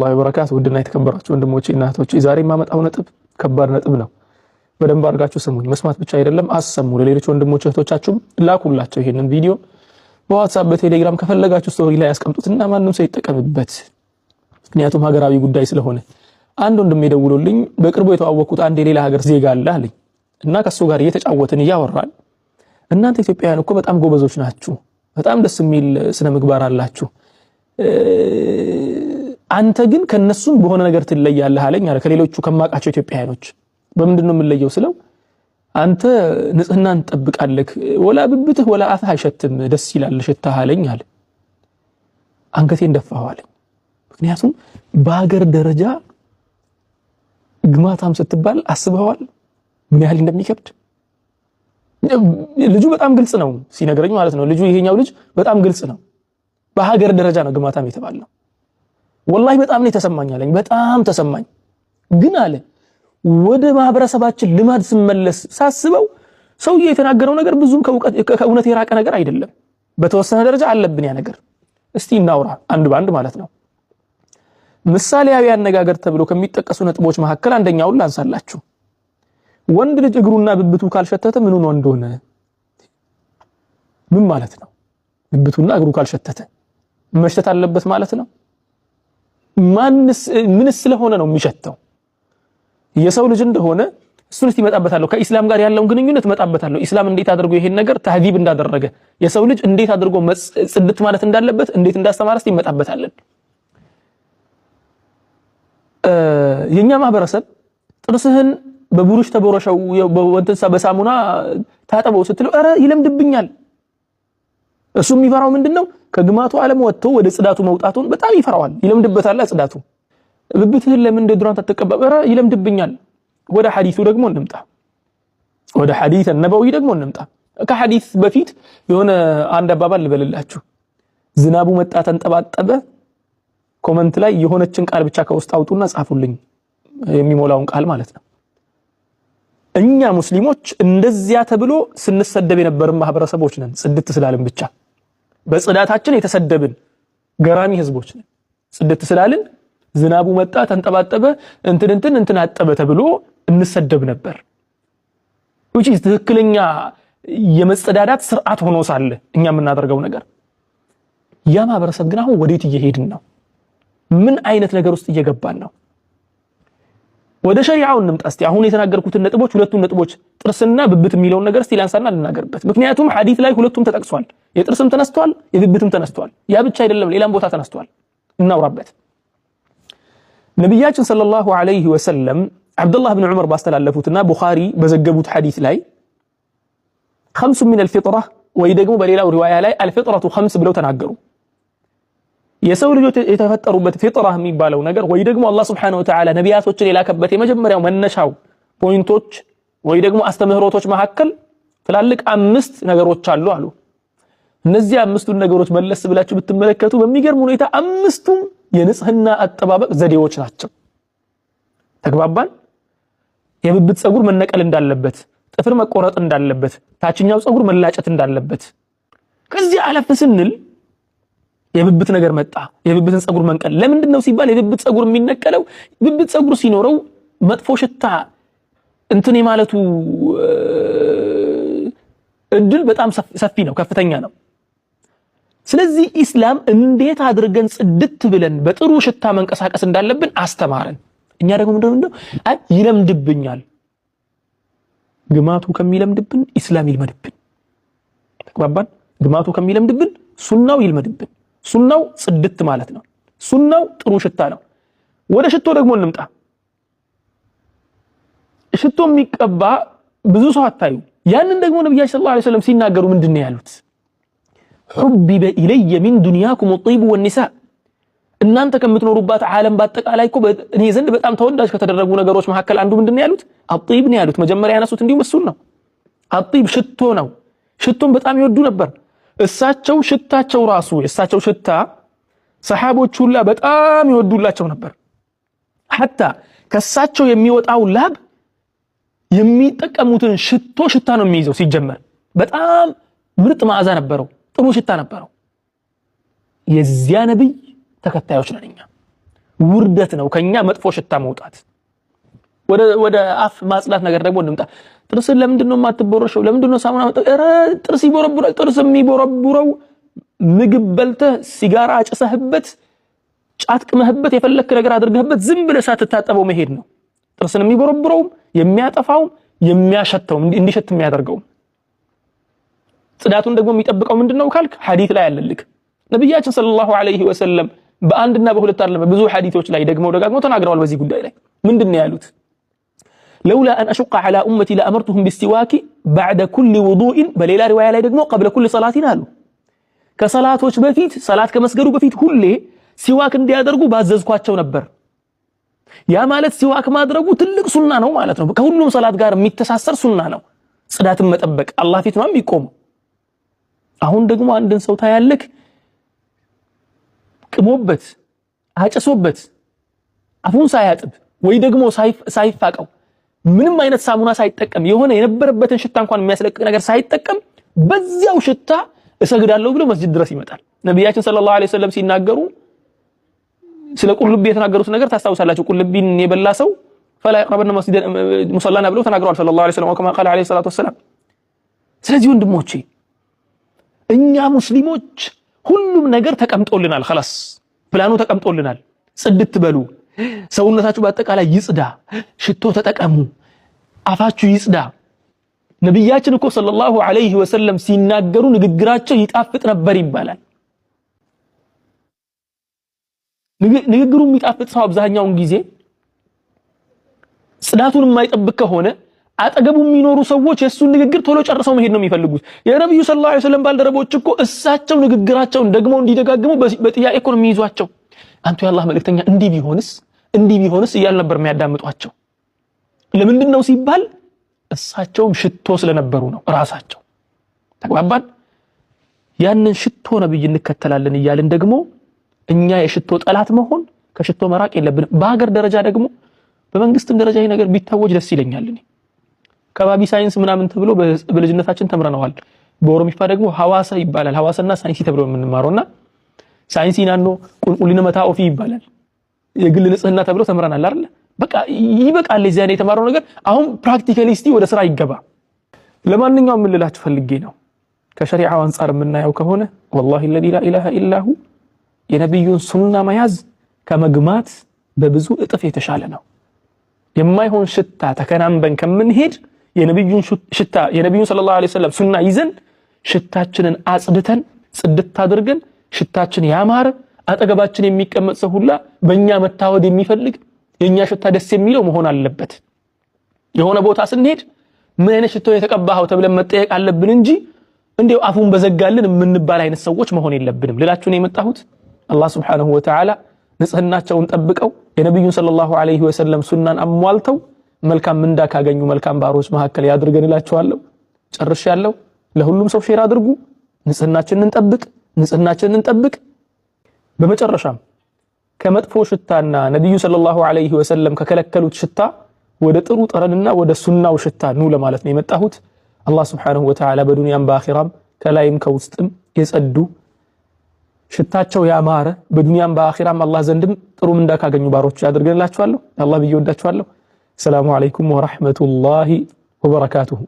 ላ በረካት ውድና የተከበራችሁ ወንድሞቼ እናቶቼ፣ ዛሬ የማመጣው ነጥብ ከባድ ነጥብ ነው። በደንብ አድርጋችሁ ስሙኝ። መስማት ብቻ አይደለም አሰሙ። ለሌሎች ወንድሞች እህቶቻችሁም ላኩላቸው ይሄንን ቪዲዮ በዋትሳፕ በቴሌግራም ከፈለጋችሁ ስቶሪ ላይ ያስቀምጡትና ማንም ሰው ይጠቀምበት። ምክንያቱም ሀገራዊ ጉዳይ ስለሆነ አንድ ወንድም ደውሎልኝ በቅርቡ የተዋወቅኩት አንድ የሌላ ሀገር ዜጋ አለ አለኝ እና ከሱ ጋር እየተጫወትን እያወራን እናንተ ኢትዮጵያውያን እኮ በጣም ጎበዞች ናችሁ፣ በጣም ደስ የሚል ስነ ምግባር አላችሁ አንተ ግን ከነሱም በሆነ ነገር ትለያለህ አለኝ አለ። ከሌሎቹ ከማውቃቸው ኢትዮጵያውያኖች በምንድን ነው የምለየው ስለው አንተ ንጽህናን ትጠብቃለህ፣ ወላ ብብትህ ወላ አፍህ አይሸትም፣ ደስ ይላል ሽታህ አለኝ አለ። አንገቴን ደፋሁ አለኝ። ምክንያቱም በሀገር ደረጃ ግማታም ስትባል አስበዋል ምን ያህል እንደሚከብድ ልጁ በጣም ግልጽ ነው ሲነግረኝ ማለት ነው። ልጁ ይሄኛው ልጅ በጣም ግልጽ ነው። በሀገር ደረጃ ነው ግማታም የተባለው። ወላሂ በጣም ነው የተሰማኝ አለኝ። በጣም ተሰማኝ። ግን አለ ወደ ማህበረሰባችን ልማድ ስመለስ ሳስበው ሰውዬ የተናገረው ነገር ብዙም ከእውነት የራቀ ነገር አይደለም። በተወሰነ ደረጃ አለብን ያ ነገር። እስቲ እናውራ አንድ በአንድ ማለት ነው። ምሳሌያዊ አነጋገር ተብሎ ከሚጠቀሱ ነጥቦች መካከል አንደኛውን ላንሳላችሁ። ወንድ ልጅ እግሩና ብብቱ ካልሸተተ ምን ሆኖ እንደሆነ ምን ማለት ነው? ብብቱና እግሩ ካልሸተተ መሽተት አለበት ማለት ነው። ምን ስለሆነ ነው የሚሸተው? የሰው ልጅ እንደሆነ እሱን እስቲ እመጣበታለሁ። ከኢስላም ጋር ያለውን ግንኙነት እመጣበታለሁ። ኢስላም እንዴት አድርጎ ይሄን ነገር ተህዚብ እንዳደረገ የሰው ልጅ እንዴት አድርጎ ጽድት ማለት እንዳለበት እንዴት እንዳስተማረ እስቲ እመጣበታለን። የኛ ማህበረሰብ ጥርስህን በቡሩሽ ተቦረሸው በወንተሳ በሳሙና ታጠበው ስትለው ኧረ ይለምድብኛል እሱ የሚፈራው ምንድነው? ከግማቱ ዓለም ወጥቶ ወደ ጽዳቱ መውጣቱን በጣም ይፈራዋል። ይለምድበታል። ጽዳቱ ብብትህን ለምን እንደ ድሮን ተተቀባበረ? ይለምድብኛል። ወደ ሐዲሱ ደግሞ እንምጣ። ወደ ሐዲስ አነበዊ ደግሞ እንምጣ። ከሐዲስ በፊት የሆነ አንድ አባባል ልበልላችሁ። ዝናቡ መጣ ተንጠባጠበ። ኮመንት ላይ የሆነችን ቃል ብቻ ከውስጥ አውጡና ጻፉልኝ፣ የሚሞላውን ቃል ማለት ነው። እኛ ሙስሊሞች እንደዚያ ተብሎ ስንሰደብ የነበርን ማህበረሰቦች ነን፣ ጽድት ስላልን ብቻ በጽዳታችን የተሰደብን ገራሚ ህዝቦች ነን። ጽድት ስላልን ዝናቡ መጣ፣ ተንጠባጠበ፣ እንትን እንትን እንትን አጠበ ተብሎ እንሰደብ ነበር። which ትክክለኛ የመጸዳዳት ስርዓት ሆኖ ሳለ እኛ የምናደርገው ነገር ያ ማህበረሰብ ግን አሁን ወዴት እየሄድን ነው? ምን አይነት ነገር ውስጥ እየገባን ነው? ወደ ሸሪዓው እንምጣ እስቲ። አሁን የተናገርኩትን ነጥቦች ሁለቱን ነጥቦች ጥርስና ብብት የሚለውን ነገር እስቲ ላንሳና ልናገርበት። ምክንያቱም ሐዲት ላይ ሁለቱም ተጠቅሷል። የጥርስም ተነስቷል፣ የብብትም ተነስቷል። ያ ብቻ አይደለም፣ ሌላም ቦታ ተነስቷል። እናውራበት። ነቢያችን ሰለላሁ ዐለይሂ ወሰለም አብዱላህ ብን ዑመር ባስተላለፉትና ቡኻሪ በዘገቡት ሐዲት ላይ ኸምሱ ሚነል ፊጥራ ወይ ደግሞ በሌላው ሪዋያ ላይ አልፊጥረቱ ኸምስ ብለው ተናገሩ። የሰው ልጆች የተፈጠሩበት ፊጥራ የሚባለው ነገር ወይ ደግሞ አላህ ሱብሓነሁ ወተዓላ ነቢያቶችን የላከበት የመጀመሪያው መነሻው ፖይንቶች ወይ ደግሞ አስተምህሮቶች መካከል ትላልቅ አምስት ነገሮች አሉ አሉ። እነዚህ አምስቱን ነገሮች መለስ ብላችሁ ብትመለከቱ በሚገርም ሁኔታ አምስቱም የንጽህና አጠባበቅ ዘዴዎች ናቸው። ተግባባን? የብብት ፀጉር መነቀል እንዳለበት፣ ጥፍር መቆረጥ እንዳለበት፣ ታችኛው ፀጉር መላጨት እንዳለበት ከዚህ አለፍ ስንል የብብት ነገር መጣ። የብብትን ጸጉር መንቀል ለምንድን ነው ሲባል የብብት ጸጉር የሚነቀለው ብብት ጸጉር ሲኖረው መጥፎ ሽታ እንትን የማለቱ እድል በጣም ሰፊ ነው፣ ከፍተኛ ነው። ስለዚህ ኢስላም እንዴት አድርገን ጽድት ብለን በጥሩ ሽታ መንቀሳቀስ እንዳለብን አስተማረን። እኛ ደግሞ ምንድን ነው አይ ይለምድብኛል፣ ግማቱ ከሚለምድብን ኢስላም ይልመድብን። ተግባባን። ግማቱ ከሚለምድብን ሱናው ይልመድብን። ሱናው ጽድት ማለት ነው። ሱናው ጥሩ ሽታ ነው። ወደ ሽቶ ደግሞ እንምጣ። ሽቶ የሚቀባ ብዙ ሰው አታዩ። ያንን ደግሞ ነቢያችን ሰለላሁ ዐለይሂ ወሰለም ሲናገሩ ምንድን ነው ያሉት? ሑቢበ ኢለየ ሚን ዱንያኩም ጢቡ ወኒሳ። እናንተ ከምትኖሩባት ዓለም በአጠቃላይ እኮ እኔ ዘንድ በጣም ተወዳጅ ከተደረጉ ነገሮች መካከል አንዱ ምንድን ነው ያሉት? አጢብ ነው ያሉት። መጀመሪያ ያነሱት እንዲሁም እሱን ነው። አጢብ ሽቶ ነው። ሽቶን በጣም ይወዱ ነበር። እሳቸው ሽታቸው ራሱ የእሳቸው ሽታ ሰሓቦች ሁላ በጣም ይወዱላቸው ነበር። ሐታ ከእሳቸው የሚወጣው ላብ የሚጠቀሙትን ሽቶ ሽታ ነው የሚይዘው። ሲጀመር በጣም ምርጥ መዓዛ ነበረው፣ ጥሩ ሽታ ነበረው። የዚያ ነቢይ ተከታዮች ነን እኛ። ውርደት ነው ከእኛ መጥፎ ሽታ መውጣት። ወደ አፍ ማጽዳት ነገር ደግሞ እንምጣ። ጥርስን ለምንድን ነው የማትቦረሸው? ለምንድን ነው ሳሙና ኧረ ጥርስ ይቦረቡራል። ጥርስ የሚቦረቡረው ምግብ በልተህ ሲጋራ አጭሰህበት፣ ጫት ቅመህበት፣ የፈለክ ነገር አድርገህበት ዝም ብለህ ሳትታጠበው መሄድ ነው። ጥርስን የሚቦረቡረውም የሚያጠፋውም የሚያሸተው እንዲሸት የሚያደርገው ጽዳቱን ደግሞ የሚጠብቀው ምንድን ነው ካልክ ሐዲት ላይ አለልክ ነቢያችን ሰለላሁ ዐለይሂ ወሰለም በአንድና በሁለት አይደለም ብዙ ሐዲቶች ላይ ደግሞ ደጋግሞ ተናግረዋል። በዚህ ጉዳይ ላይ ምንድን ነው ያሉት? ለውላ አን አሹቃ ዐላ ኡመቲ ለአመርቱሁም ቢስቲዋኪ ባዕደ ኩሊ ውዱእን፣ በሌላ ሪዋያ ላይ ደግሞ ቀብለ ኩል ሰላቲን አሉ። ከሰላቶች በፊት ሰላት ከመስገዱ በፊት ሁሌ ሲዋክ እንዲያደርጉ ባዘዝኳቸው ነበር። ያ ማለት ሲዋክ ማድረጉ ትልቅ ሱና ነው ማለት ነው። ከሁሉም ሰላት ጋር የሚተሳሰር ሱና ነው። ጽዳትን መጠበቅ አላህ ፊት ነው የሚቆመው። አሁን ደግሞ አንድን ሰው ታያለክ ቅሞበት አጨሶበት አፉን ሳያጥብ ወይ ደግሞ ሳይፋቀው ምንም አይነት ሳሙና ሳይጠቀም የሆነ የነበረበትን ሽታ እንኳን የሚያስለቅቅ ነገር ሳይጠቀም በዚያው ሽታ እሰግዳለሁ ብሎ መስጅድ ድረስ ይመጣል። ነቢያችን ሰለላሁ ዐለይሂ ወሰለም ሲናገሩ ስለ ቁልቢ የተናገሩት ነገር ታስታውሳላችሁ። ቁልቢን የበላ ሰው ፈላ ይቅረበነ መስጂደን ሙሰላና ብለው ተናግረዋል ሰለላሁ ዐለይሂ ወሰለም ከማ ቃለ ዐለይሂ ሰላቱ ወሰላም። ስለዚህ ወንድሞቼ እኛ ሙስሊሞች ሁሉም ነገር ተቀምጦልናል። ኸላስ ፕላኑ ተቀምጦልናል። ጽድት በሉ ሰውነታችሁ በአጠቃላይ ይጽዳ፣ ሽቶ ተጠቀሙ፣ አፋችሁ ይጽዳ። ነቢያችን እኮ ሰለላሁ ዐለይሂ ወሰለም ሲናገሩ ንግግራቸው ይጣፍጥ ነበር ይባላል። ንግግሩ የሚጣፍጥ ሰው አብዛኛውን ጊዜ ጽዳቱን የማይጠብቅ ከሆነ አጠገቡ የሚኖሩ ሰዎች የእሱን ንግግር ቶሎ ጨርሰው መሄድ ነው የሚፈልጉት። የነቢዩ ሰለላሁ ዐለይሂ ወሰለም ባልደረቦች እኮ እሳቸው ንግግራቸውን ደግሞ እንዲደጋግሙ በጥያቄ እኮ ነው የሚይዟቸው። አንተ የአላህ መልእክተኛ እንዲህ ቢሆንስ እንዲህ ቢሆንስ እያል ነበር የሚያዳምጧቸው። ለምንድን ነው ሲባል እሳቸውም ሽቶ ስለነበሩ ነው ራሳቸው። ተግባባን። ያንን ሽቶ ነብይ እንከተላለን እያልን ደግሞ እኛ የሽቶ ጠላት መሆን ከሽቶ መራቅ የለብንም። በሀገር ደረጃ ደግሞ በመንግስትም ደረጃ ይህ ነገር ቢታወጅ ደስ ይለኛል። እኔ ከባቢ ሳይንስ ምናምን ተብሎ በልጅነታችን ተምረነዋል። በኦሮሚፋ ደግሞ ሐዋሳ ይባላል። ሐዋሳና ሳይንስ ተብሎ የምንማረውና ሳይንሲ ናኖ ቁልቁሊን መታ ኦፊ ይባላል። የግል ንጽህና ተብሎ ተምረናል አይደል? በቃ ይበቃል። እዚያ ላይ የተማረው ነገር አሁን ፕራክቲካሊ እስቲ ወደ ስራ ይገባ። ለማንኛውም ምን ፈልጌ ነው ከሸሪዓው አንጻር የምናየው ከሆነ ወላሂ ለዚ ላ ኢላሁ የነቢዩን ሱና መያዝ ከመግማት በብዙ እጥፍ የተሻለ ነው። የማይሆን ሽታ ተከናንበን ከምንሄድ የነቢዩን ሽታ የነቢዩን ሰለላሁ ዐለይሂ ወሰለም ሱና ይዘን ሽታችንን አጽድተን ጽድት አድርገን ሽታችን ያማረ አጠገባችን የሚቀመጥ ሰው ሁላ በእኛ መታወድ የሚፈልግ የእኛ ሽታ ደስ የሚለው መሆን አለበት። የሆነ ቦታ ስንሄድ ምን አይነት ሽቶ የተቀባኸው ተብለን መጠየቅ አለብን እንጂ እንዲው አፉን በዘጋልን የምንባል አይነት ሰዎች መሆን የለብንም ልላችሁ ነው የመጣሁት። አላህ ሱብሓነሁ ወተዓላ ንጽህናቸውን ጠብቀው የነቢዩን ሰለላሁ ዐለይሂ ወሰለም ሱናን አሟልተው መልካም ምንዳ ካገኙ መልካም ባሮች መካከል ያድርገን እላችኋለሁ። ጨርሻለሁ። ለሁሉም ሰው ሼር አድርጉ። ንጽህናችንን እንጠብቅ። ንጽህናችንን እንጠብቅ። በመጨረሻም ከመጥፎ ሽታና ነቢዩ ሰለላሁ ዐለይሂ ወሰለም ከከለከሉት ሽታ ወደ ጥሩ ጠረንና ወደ ሱናው ሽታ ኑ ለማለት ነው የመጣሁት። አላህ ስብሓነሁ ወተዓላ በዱንያም በአኺራም ከላይም ከውስጥም የጸዱ ሽታቸው ያማረ በዱንያም በአኺራም አላህ ዘንድም ጥሩ ምንዳ ካገኙ ባሮች ያድርገንላችኋለሁ። አላህ ብዬ ወዳችኋለሁ። ሰላሙ ዐለይኩም ወረሕመቱላሂ ወበረካቱሁ።